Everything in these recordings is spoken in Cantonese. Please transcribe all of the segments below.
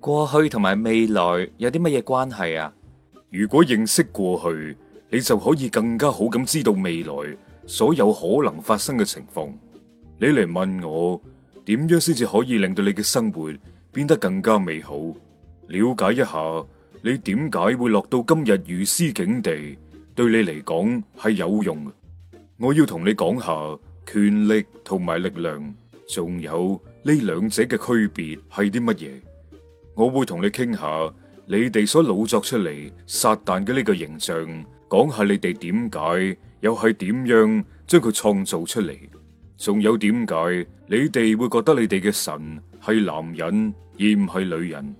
過去同埋未來有啲乜嘢關係啊？如果認識過去，你就可以更加好咁知道未來所有可能發生嘅情況。你嚟問我點樣先至可以令到你嘅生活變得更加美好？了解一下你點解會落到今日如斯境地，對你嚟講係有用的。我要同你講下權力同埋力量，仲有呢兩者嘅區別係啲乜嘢？我會同你傾下，你哋所老作出嚟撒旦嘅呢個形象，講下你哋點解，又係點樣將佢創造出嚟，仲有點解你哋會覺得你哋嘅神係男人而唔係女人。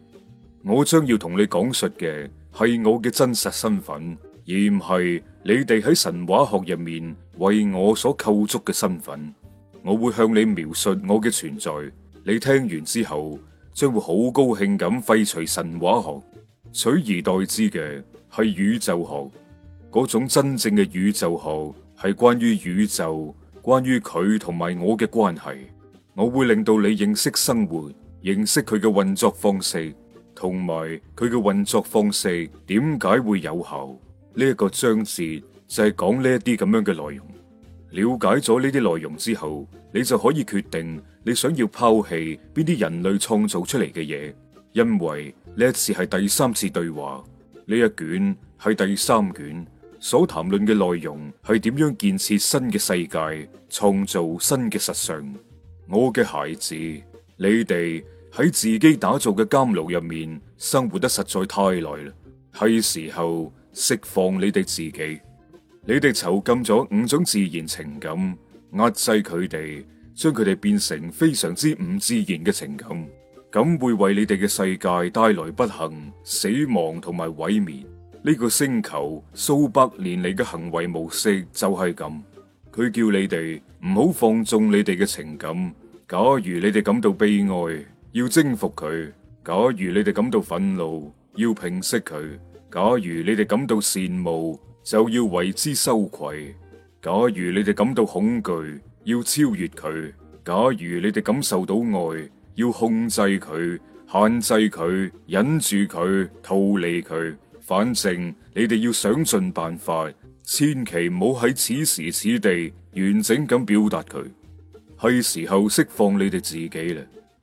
我將要同你講述嘅係我嘅真實身份，而唔係你哋喺神話學入面為我所構築嘅身份。我會向你描述我嘅存在，你聽完之後。將會好高興咁廢除神話學，取而代之嘅係宇宙學。嗰種真正嘅宇宙學係關於宇宙，關於佢同埋我嘅關係。我會令到你認識生活，認識佢嘅運作方式，同埋佢嘅運作方式點解會有效。呢一個章節就係講呢一啲咁樣嘅內容。了解咗呢啲內容之後，你就可以決定。你想要拋棄邊啲人類創造出嚟嘅嘢？因為呢一次係第三次對話，呢一卷係第三卷所談論嘅內容係點樣建設新嘅世界、創造新嘅實相。我嘅孩子，你哋喺自己打造嘅監牢入面生活得實在太耐啦，係時候釋放你哋自己。你哋囚禁咗五種自然情感，壓制佢哋。將佢哋變成非常之唔自然嘅情感，咁會為你哋嘅世界帶來不幸、死亡同埋毀滅。呢個星球數百年嚟嘅行為模式就係咁。佢叫你哋唔好放縱你哋嘅情感。假如你哋感到悲哀，要征服佢；假如你哋感到憤怒，要平息佢；假如你哋感到羨慕，就要為之羞愧；假如你哋感到恐懼。要超越佢。假如你哋感受到愛，要控制佢、限制佢、忍住佢、逃離佢，反正你哋要想盡辦法，千祈唔好喺此時此地完整咁表達佢。係時候釋放你哋自己啦。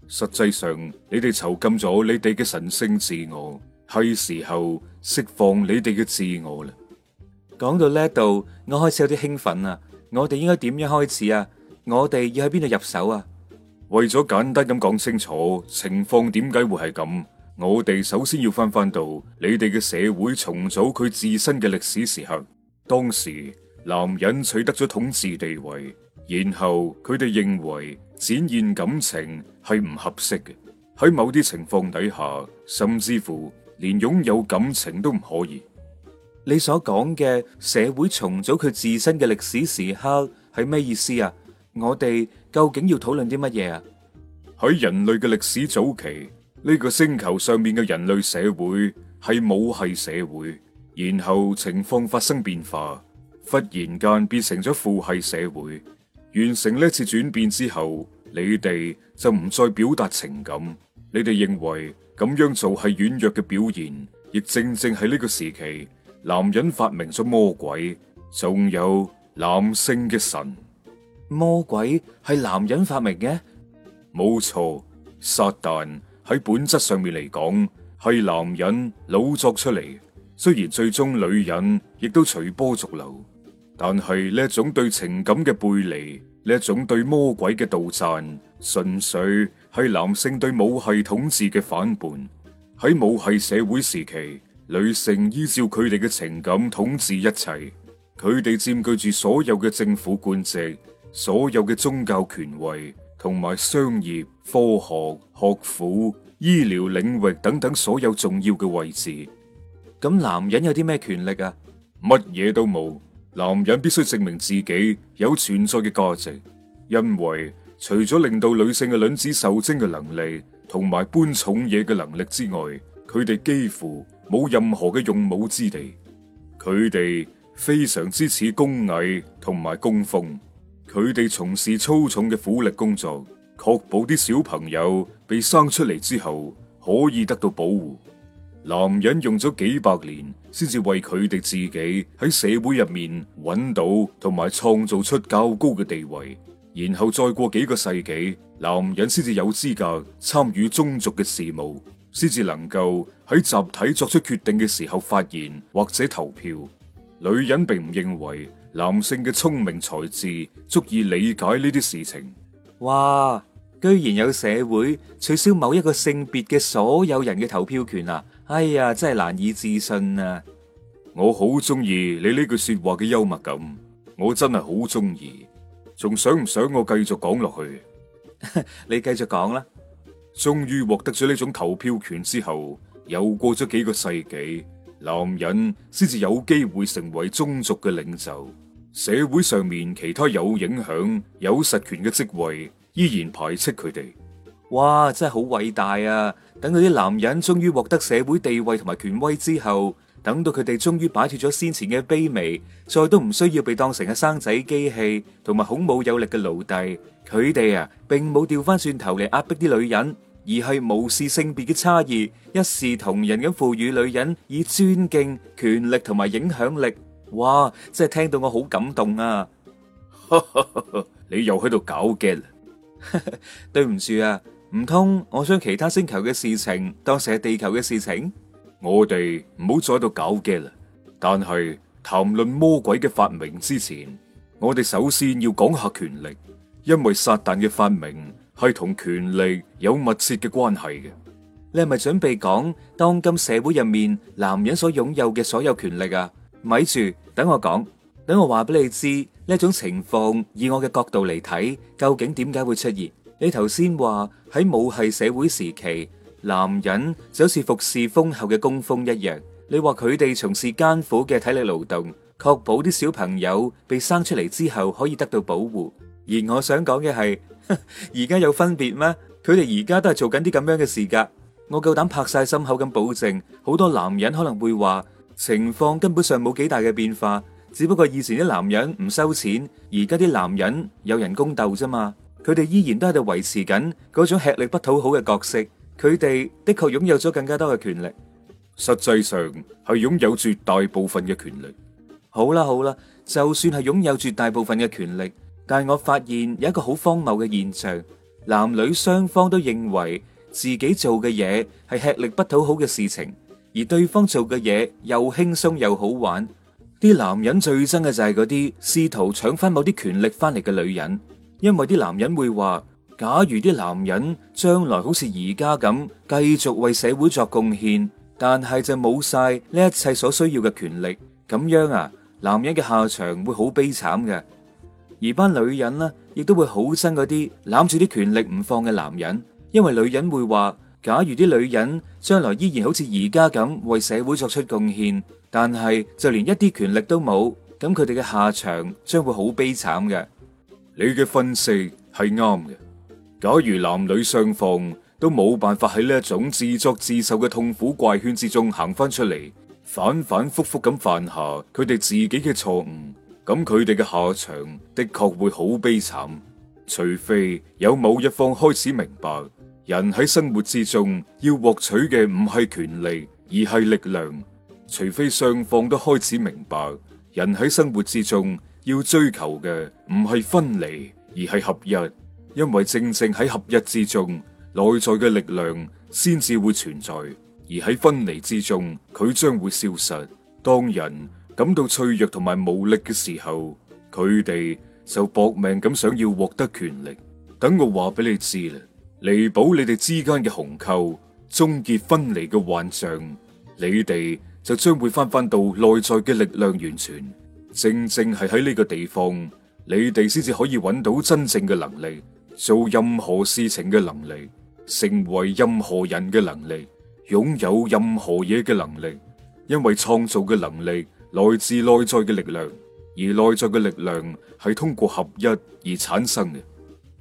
實際上，你哋囚禁咗你哋嘅神聖自我。係時候釋放你哋嘅自我啦。講到呢度，我開始有啲興奮啊。我哋應該點樣開始啊？我哋要喺邊度入手啊？為咗簡單咁講清楚情況，點解會係咁？我哋首先要翻翻到你哋嘅社會重組佢自身嘅歷史時刻。當時男人取得咗統治地位，然後佢哋認為展現感情係唔合適嘅。喺某啲情況底下，甚至乎連擁有感情都唔可以。你所講嘅社會重組佢自身嘅歷史時刻係咩意思啊？我哋究竟要討論啲乜嘢啊？喺人類嘅歷史早期，呢個星球上面嘅人類社會係母系社會，然後情況發生變化，忽然間變成咗父系社會。完成呢次轉變之後，你哋就唔再表達情感。你哋認為咁樣做係軟弱嘅表現，亦正正喺呢個時期。男人發明咗魔鬼，仲有男性嘅神。魔鬼係男人發明嘅，冇錯。撒旦喺本質上面嚟講係男人老作出嚟，雖然最終女人亦都隨波逐流，但係呢一種對情感嘅背離，呢一種對魔鬼嘅倒贊，純粹係男性對母系統治嘅反叛。喺母系社會時期，女性依照佢哋嘅情感統治一切，佢哋佔據住所有嘅政府官職、所有嘅宗教權位、同埋商業、科學、學府、醫療領域等等所有重要嘅位置。咁男人有啲咩權力啊？乜嘢都冇。男人必須證明自己有存在嘅價值，因為除咗令到女性嘅卵子受精嘅能力同埋搬重嘢嘅能力之外，佢哋幾乎。冇任何嘅用武之地，佢哋非常之似工蟻同埋工蜂，佢哋從事粗重嘅苦力工作，確保啲小朋友被生出嚟之後可以得到保護。男人用咗幾百年，先至為佢哋自己喺社會入面揾到同埋創造出較高嘅地位，然後再過幾個世紀，男人先至有資格參與宗族嘅事務。先至能夠喺集體作出決定嘅時候發言或者投票。女人並唔認為男性嘅聰明才智足以理解呢啲事情。哇！居然有社會取消某一個性別嘅所有人嘅投票權啊！哎呀，真係難以置信啊！我好中意你呢句說話嘅幽默感，我真係好中意。仲想唔想我繼續講落去？ 你繼續講啦。終於獲得咗呢種投票權之後，又過咗幾個世紀，男人先至有機會成為宗族嘅領袖。社會上面其他有影響、有實權嘅職位，依然排斥佢哋。哇，真係好偉大啊！等到啲男人終於獲得社會地位同埋權威之後，等到佢哋終於擺脫咗先前嘅卑微，再都唔需要被當成係生仔機器同埋孔武有力嘅奴隸，佢哋啊，並冇掉翻轉頭嚟壓迫啲女人。而係無視性別嘅差異，一視同仁咁賦予女人以尊敬、權力同埋影響力。哇，真係聽到我好感動啊！ 你又喺度搞嘅啦？ 對唔住啊，唔通我將其他星球嘅事情當成係地球嘅事情？ 我哋唔好再喺度搞嘅啦。但係談論魔鬼嘅發明之前，我哋首先要講下權力，因為撒旦嘅發明。係同權力有密切嘅關係嘅，你係咪準備講當今社會入面男人所擁有嘅所有權力啊？咪住，等我講，等我話俾你知呢種情況以我嘅角度嚟睇，究竟點解會出現？你頭先話喺母系社會時期，男人就好似服侍蜂后嘅工蜂一樣，你話佢哋從事艱苦嘅體力勞動，確保啲小朋友被生出嚟之後可以得到保護，而我想講嘅係。而家有分別咩？佢哋而家都係做緊啲咁樣嘅事噶。我夠膽拍晒心口咁保證，好多男人可能會話情況根本上冇幾大嘅變化，只不過以前啲男人唔收錢，而家啲男人有人工鬥啫嘛。佢哋依然都喺度維持緊嗰種吃力不討好嘅角色。佢哋的確擁有咗更加多嘅權力，實際上係擁有絕大部分嘅權力。好啦，好啦，就算係擁有絕大部分嘅權力。但我發現有一個好荒謬嘅現象，男女雙方都認為自己做嘅嘢係吃力不討好嘅事情，而對方做嘅嘢又輕鬆又好玩。啲男人最憎嘅就係嗰啲試圖搶翻某啲權力翻嚟嘅女人，因為啲男人會話：假如啲男人將來好似而家咁繼續為社會作貢獻，但係就冇晒呢一切所需要嘅權力，咁樣啊，男人嘅下場會好悲慘嘅。而班女人呢，亦都會好憎嗰啲攬住啲權力唔放嘅男人，因為女人會話：假如啲女人將來依然好似而家咁為社會作出貢獻，但係就連一啲權力都冇，咁佢哋嘅下場將會好悲慘嘅。你嘅分析係啱嘅。假如男女雙方都冇辦法喺呢一種自作自受嘅痛苦怪圈之中行翻出嚟，反反复复咁犯下佢哋自己嘅錯誤。咁佢哋嘅下場的確會好悲慘，除非有某一方開始明白，人喺生活之中要獲取嘅唔係權力而係力量；除非雙方都開始明白，人喺生活之中要追求嘅唔係分離而係合一，因為正正喺合一之中內在嘅力量先至會存在，而喺分離之中佢將會消失。當人感到脆弱同埋無力嘅時候，佢哋就搏命咁想要獲得權力。等我話俾你知啦，彌補你哋之間嘅鴻溝，終結分離嘅幻象，你哋就將會翻返到內在嘅力量源泉。正正係喺呢個地方，你哋先至可以揾到真正嘅能力，做任何事情嘅能力，成為任何人嘅能力，擁有任何嘢嘅能力，因為創造嘅能力。來自內在嘅力量，而內在嘅力量係通過合一而產生嘅，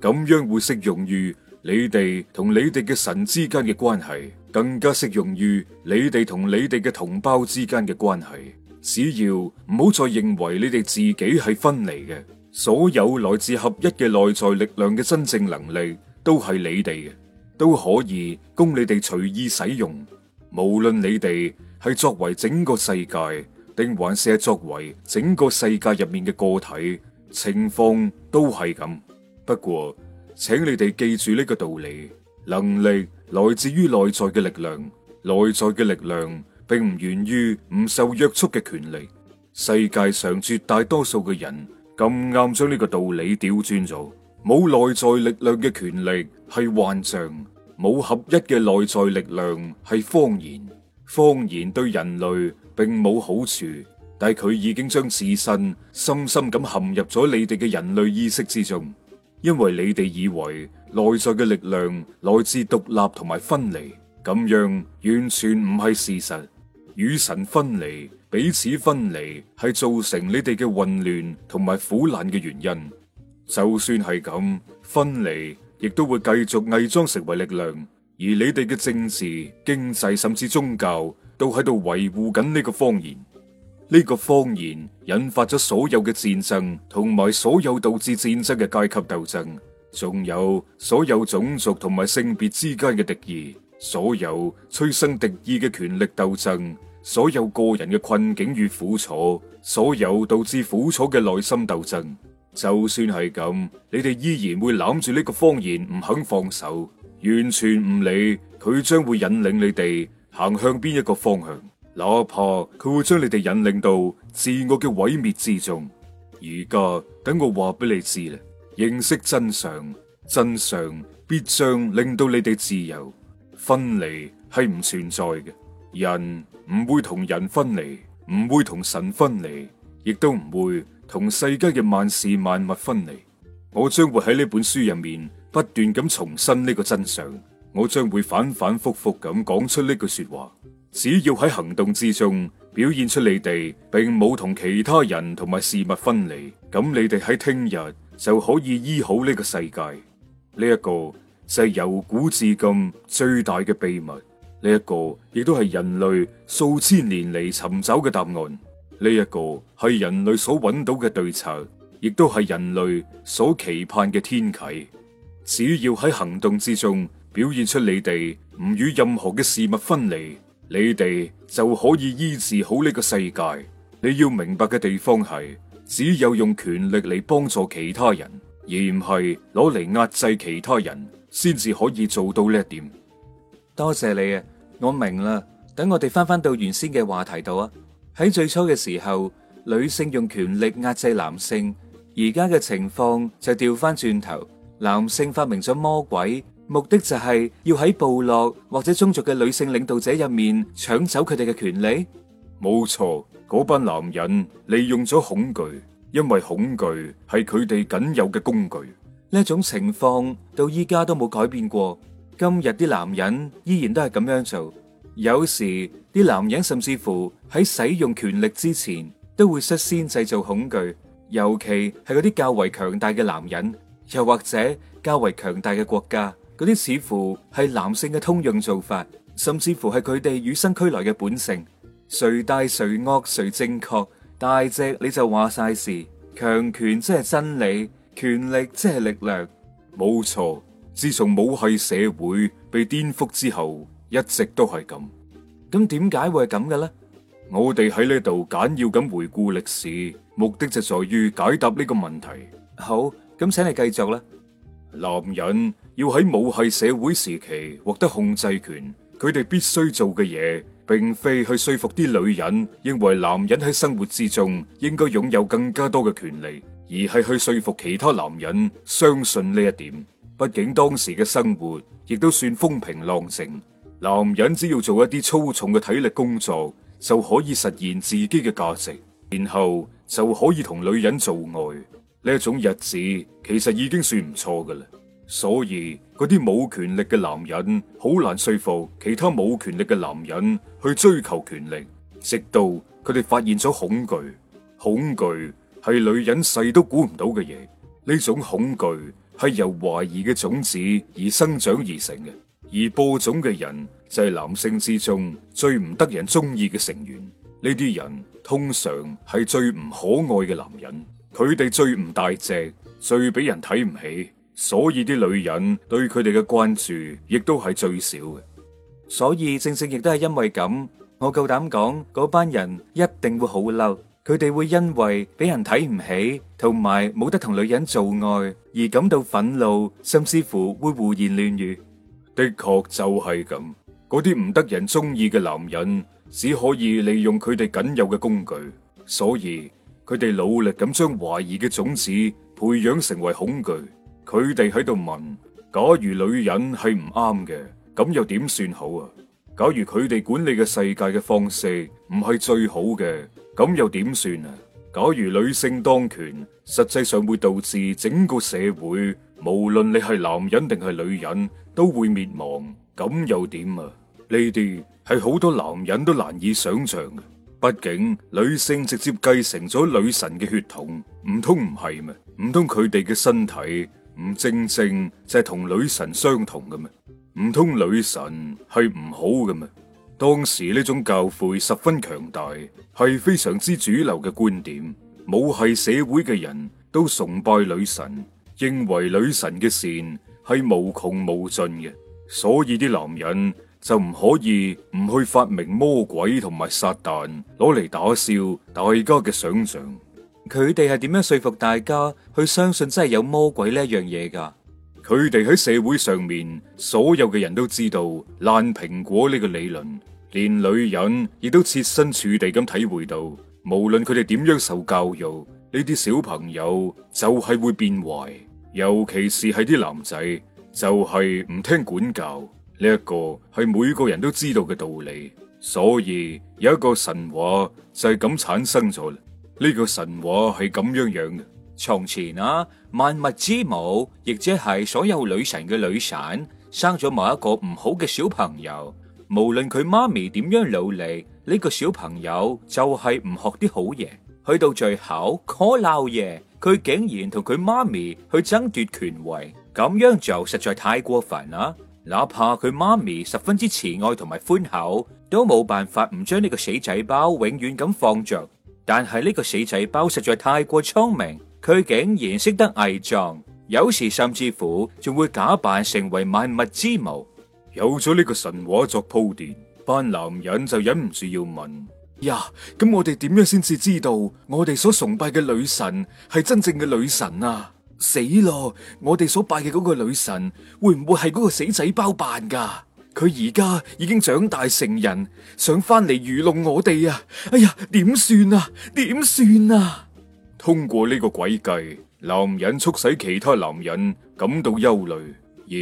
咁樣會適用於你哋同你哋嘅神之間嘅關係，更加適用於你哋同你哋嘅同胞之間嘅關係。只要唔好再認為你哋自己係分離嘅，所有來自合一嘅內在力量嘅真正能力，都係你哋嘅，都可以供你哋隨意使用。無論你哋係作為整個世界。定還是作為整個世界入面嘅個體，情況都係咁。不過，請你哋記住呢個道理：能力來自於內在嘅力量，內在嘅力量並唔源於唔受約束嘅權力。世界上絕大多數嘅人咁啱將呢個道理屌轉咗，冇內在力量嘅權力係幻象，冇合一嘅內在力量係謊言，謊言對人類並冇好處，但佢已經將自身深深咁陷入咗你哋嘅人類意識之中，因為你哋以為內在嘅力量來自獨立同埋分離，咁樣完全唔係事實。與神分離、彼此分離，係造成你哋嘅混亂同埋苦難嘅原因。就算係咁，分離亦都會繼續偽裝成為力量，而你哋嘅政治、經濟，甚至宗教，都喺度維護緊呢個謊言，呢個謊言引發咗所有嘅戰爭，同埋所有導致戰爭嘅階級鬥爭，仲有所有種族同埋性別之間嘅敵意，所有催生敵意嘅權力鬥爭，所有個人嘅困境與苦楚，所有導致苦楚嘅內心鬥爭。就算係咁，你哋依然會攬住呢個謊言唔肯放手，完全唔理佢將會引領你哋。行向邊一個方向，哪怕佢會將你哋引領到自我嘅毀滅之中。而家等我話俾你知，認識真相，真相必將令到你哋自由。分離係唔存在嘅，人唔會同人分離，唔會同神分離，亦都唔會同世界嘅萬事萬物分離。我將會喺呢本書入面不斷咁重申呢個真相。我將會反反复复咁講出呢句說話，只要喺行動之中表現出你哋並冇同其他人同埋事物分離，咁你哋喺聽日就可以醫好呢個世界。呢一個就係由古至今最大嘅秘密，呢一個亦都係人類數千年嚟尋找嘅答案。呢一個係人類所揾到嘅對策，亦都係人類所期盼嘅天啟。只要喺行動之中。表現出你哋唔與任何嘅事物分離，你哋就可以醫治好呢個世界。你要明白嘅地方係只有用權力嚟幫助其他人，而唔係攞嚟壓制其他人，先至可以做到呢一點。多謝你啊，我明啦。等我哋翻翻到原先嘅話題度啊。喺最初嘅時候，女性用權力壓制男性，而家嘅情況就掉翻轉頭，男性發明咗魔鬼。目的就係要喺部落或者宗族嘅女性領導者入面搶走佢哋嘅權利。冇錯，嗰班男人利用咗恐懼，因為恐懼係佢哋僅有嘅工具。呢一種情況到依家都冇改變過。今日啲男人依然都係咁樣做。有時啲男人甚至乎喺使用權力之前都會率先製造恐懼，尤其係嗰啲較為強大嘅男人，又或者較為強大嘅國家。嗰啲似乎係男性嘅通用做法，甚至乎係佢哋與生俱來嘅本性。誰大誰惡，誰正確？大隻你就話晒事，強權即係真理，權力即係力量，冇錯。自從母系社會被顛覆之後，一直都係咁。咁點解會係咁嘅咧？我哋喺呢度簡要咁回顧歷史，目的就在於解答呢個問題。好，咁請你繼續啦。男人要喺母系社會時期獲得控制權，佢哋必須做嘅嘢，並非去說服啲女人認為男人喺生活之中應該擁有更加多嘅權利，而係去說服其他男人相信呢一點。畢竟當時嘅生活亦都算風平浪靜，男人只要做一啲粗重嘅體力工作，就可以實現自己嘅價值，然後就可以同女人做愛。呢種日子其實已經算唔錯噶啦，所以嗰啲冇權力嘅男人好難說服其他冇權力嘅男人去追求權力，直到佢哋發現咗恐懼，恐懼係女人細都估唔到嘅嘢，呢種恐懼係由懷疑嘅種子而生長而成嘅，而播種嘅人就係男性之中最唔得人中意嘅成員，呢啲人通常係最唔可愛嘅男人。佢哋最唔大隻，最俾人睇唔起，所以啲女人對佢哋嘅關注亦都係最少嘅。所以正正亦都係因為咁，我夠膽講嗰班人一定會好嬲，佢哋會因為俾人睇唔起，同埋冇得同女人做愛而感到憤怒，甚至乎會胡言亂語。的確就係咁，嗰啲唔得人中意嘅男人只可以利用佢哋僅有嘅工具，所以。佢哋努力咁將懷疑嘅種子培養成為恐懼。佢哋喺度問：假如女人係唔啱嘅，咁又點算好啊？假如佢哋管理嘅世界嘅方式唔係最好嘅，咁又點算啊？假如女性當權，實際上會導致整個社會，無論你係男人定係女人，都會滅亡。咁又點啊？呢啲係好多男人都難以想象嘅。畢竟女性直接繼承咗女神嘅血統，唔通唔係咩？唔通佢哋嘅身體唔正正就係同女神相同嘅咩？唔通女神係唔好嘅咩？當時呢種教誨十分強大，係非常之主流嘅觀點。母系社會嘅人都崇拜女神，認為女神嘅善係無窮無盡嘅，所以啲男人，就唔可以唔去發明魔鬼同埋撒旦攞嚟打笑大家嘅想象。佢哋係點樣說服大家去相信真係有魔鬼呢一樣嘢㗎？佢哋喺社會上面，所有嘅人都知道爛蘋果呢個理論，連女人亦都切身處地咁體會到，無論佢哋點樣受教育，呢啲小朋友就係會變壞，尤其是係啲男仔，就係唔聽管教。呢一個係每個人都知道嘅道理，所以有一個神話就係咁產生咗。呢個神話係咁樣樣嘅：從前啊，萬物之母，亦即係所有女神嘅女神，生咗某一個唔好嘅小朋友。無論佢媽咪點樣努力，呢個小朋友就係唔學啲好嘢。去到最後，可鬧爺佢竟然同佢媽咪去爭奪權位，咁樣就實在太過分啦！哪怕佢媽咪十分之慈愛同埋寬厚，都冇辦法唔將呢個死仔包永遠咁放着。但係呢個死仔包實在太過聰明，佢竟然識得偽裝，有時甚至乎仲會假扮成為萬物之母。有咗呢個神話作鋪墊，班男人就忍唔住要問：呀，咁我哋點樣先至知道我哋所崇拜嘅女神係真正嘅女神啊？死咯！我哋所拜嘅嗰個女神會唔會係嗰個死仔包辦噶？佢而家已經長大成人，想翻嚟愚弄我哋啊！哎呀，點算啊？點算啊？通過呢個詭計，男人促使其他男人感到憂慮，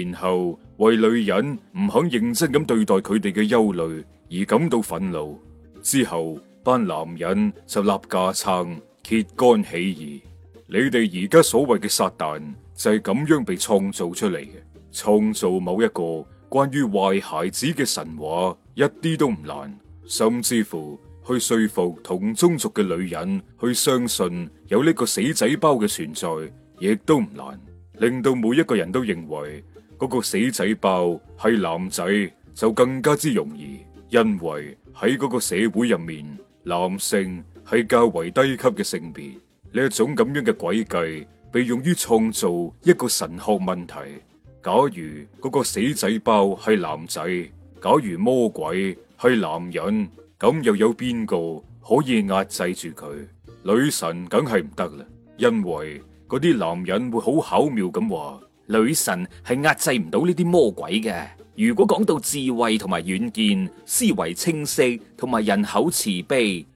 然後為女人唔肯認真咁對待佢哋嘅憂慮而感到憤怒，之後班男人就立架撐揭竿起義。你哋而家所謂嘅撒旦就係咁樣被創造出嚟嘅，創造某一個關於壞孩子嘅神話，一啲都唔難。甚至乎去說服同宗族嘅女人去相信有呢個死仔包嘅存在，亦都唔難。令到每一個人都認為嗰個死仔包係男仔，就更加之容易。因為喺嗰個社會入面，男性係較為低級嘅性別。呢一種咁樣嘅詭計，被用於創造一個神學問題。假如嗰個死仔包係男仔，假如魔鬼係男人，咁又有邊個可以壓制住佢？女神梗係唔得啦，因為嗰啲男人會好巧妙咁話，女神係壓制唔到呢啲魔鬼嘅。如果講到智慧同埋遠見、思維清晰同埋人口慈悲。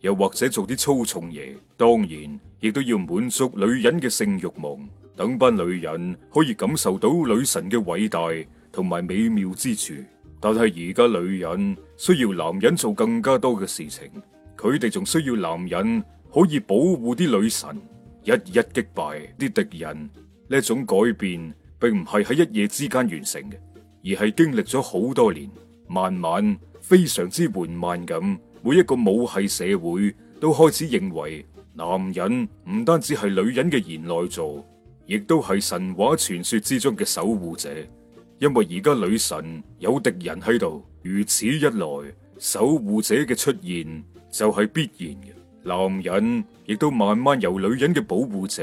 又或者做啲粗重嘢，當然亦都要滿足女人嘅性欲望，等班女人可以感受到女神嘅偉大同埋美妙之處。但係而家女人需要男人做更加多嘅事情，佢哋仲需要男人可以保護啲女神，一一擊敗啲敵人。呢種改變並唔係喺一夜之間完成嘅，而係經歷咗好多年，慢慢非常之緩慢咁。每一個母系社會都開始認為男人唔單止係女人嘅賢內助，亦都係神話傳說之中嘅守護者。因為而家女神有敵人喺度，如此一來，守護者嘅出現就係必然嘅。男人亦都慢慢由女人嘅保護者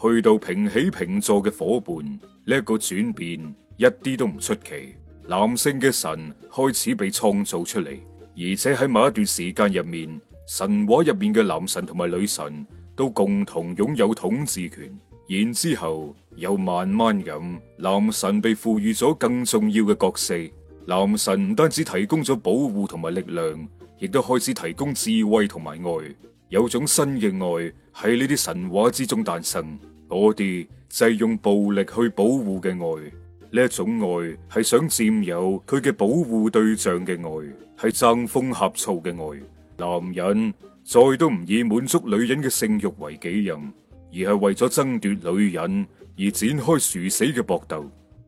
去到平起平坐嘅伙伴呢一、呢個轉變，一啲都唔出奇。男性嘅神開始被創造出嚟。而且喺某一段時間入面，神話入面嘅男神同埋女神都共同擁有統治權。然之後又慢慢咁，男神被賦予咗更重要嘅角色。男神唔單止提供咗保護同埋力量，亦都開始提供智慧同埋愛。有種新嘅愛喺呢啲神話之中誕生。嗰啲就係用暴力去保護嘅愛，呢一種愛係想佔有佢嘅保護對象嘅愛。係爭風呷醋嘅愛，男人再都唔以滿足女人嘅性欲為己任，而係為咗爭奪女人而展開殊死嘅搏鬥。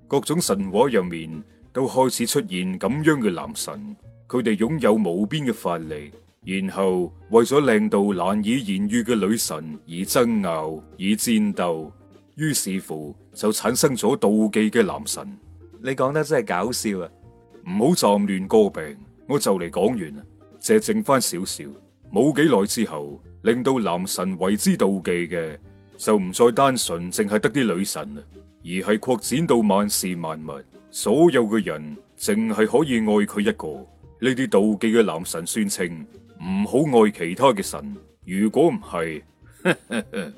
各種神話入面都開始出現咁樣嘅男神，佢哋擁有無邊嘅法力，然後為咗令到難以言喻嘅女神而爭拗、而戰鬥，於是乎就產生咗妒忌嘅男神。你講得真係搞笑啊！唔好站亂個病。我就嚟講完，借剩翻少少，冇幾耐之後，令到男神為之妒忌嘅，就唔再單純，淨係得啲女神，而係擴展到萬事萬物，所有嘅人，淨係可以愛佢一個。呢啲妒忌嘅男神宣稱，唔好愛其他嘅神。如果唔係，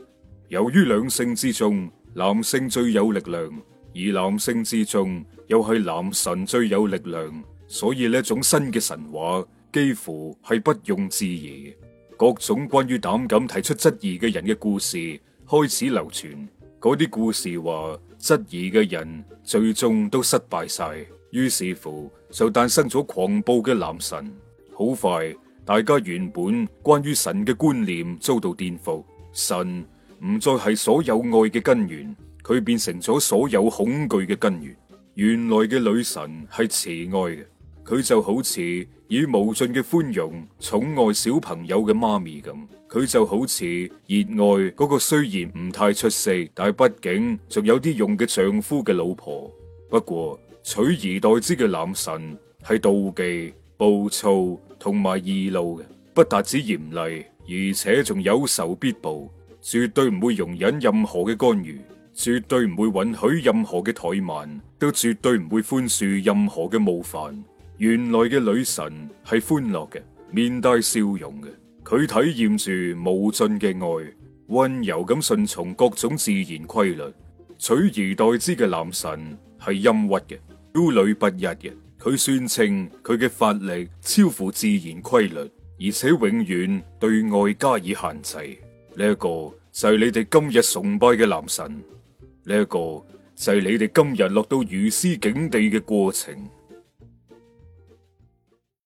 由於兩性之中，男性最有力量，而男性之中，又係男神最有力量。所以呢種新嘅神話幾乎係不用置疑。各種關於膽敢提出質疑嘅人嘅故事開始流傳，嗰啲故事話質疑嘅人最終都失敗晒。於是乎，就誕生咗狂暴嘅男神。好快，大家原本關於神嘅觀念遭到顛覆，神唔再係所有愛嘅根源，佢變成咗所有恐懼嘅根源。原來嘅女神係慈愛佢就好似以無盡嘅寬容寵愛小朋友嘅媽咪咁，佢就好似熱愛嗰個雖然唔太出色，但係畢竟仲有啲用嘅丈夫嘅老婆。不過取而代之嘅男神係妒忌、暴躁同埋易怒嘅，不單止嚴厲，而且仲有仇必報，絕對唔會容忍任何嘅干預，絕對唔會允許任何嘅怠慢，都絕對唔會寬恕任何嘅冒犯。原來嘅女神係歡樂嘅，面帶笑容嘅，佢體驗住無盡嘅愛，溫柔咁順從各種自然規律。取而代之嘅男神係陰鬱嘅，憂慮不一嘅，佢宣稱佢嘅法力超乎自然規律，而且永遠對愛加以限制。呢一個就係你哋今日崇拜嘅男神，呢一個就係你哋今日落到如斯境地嘅過程。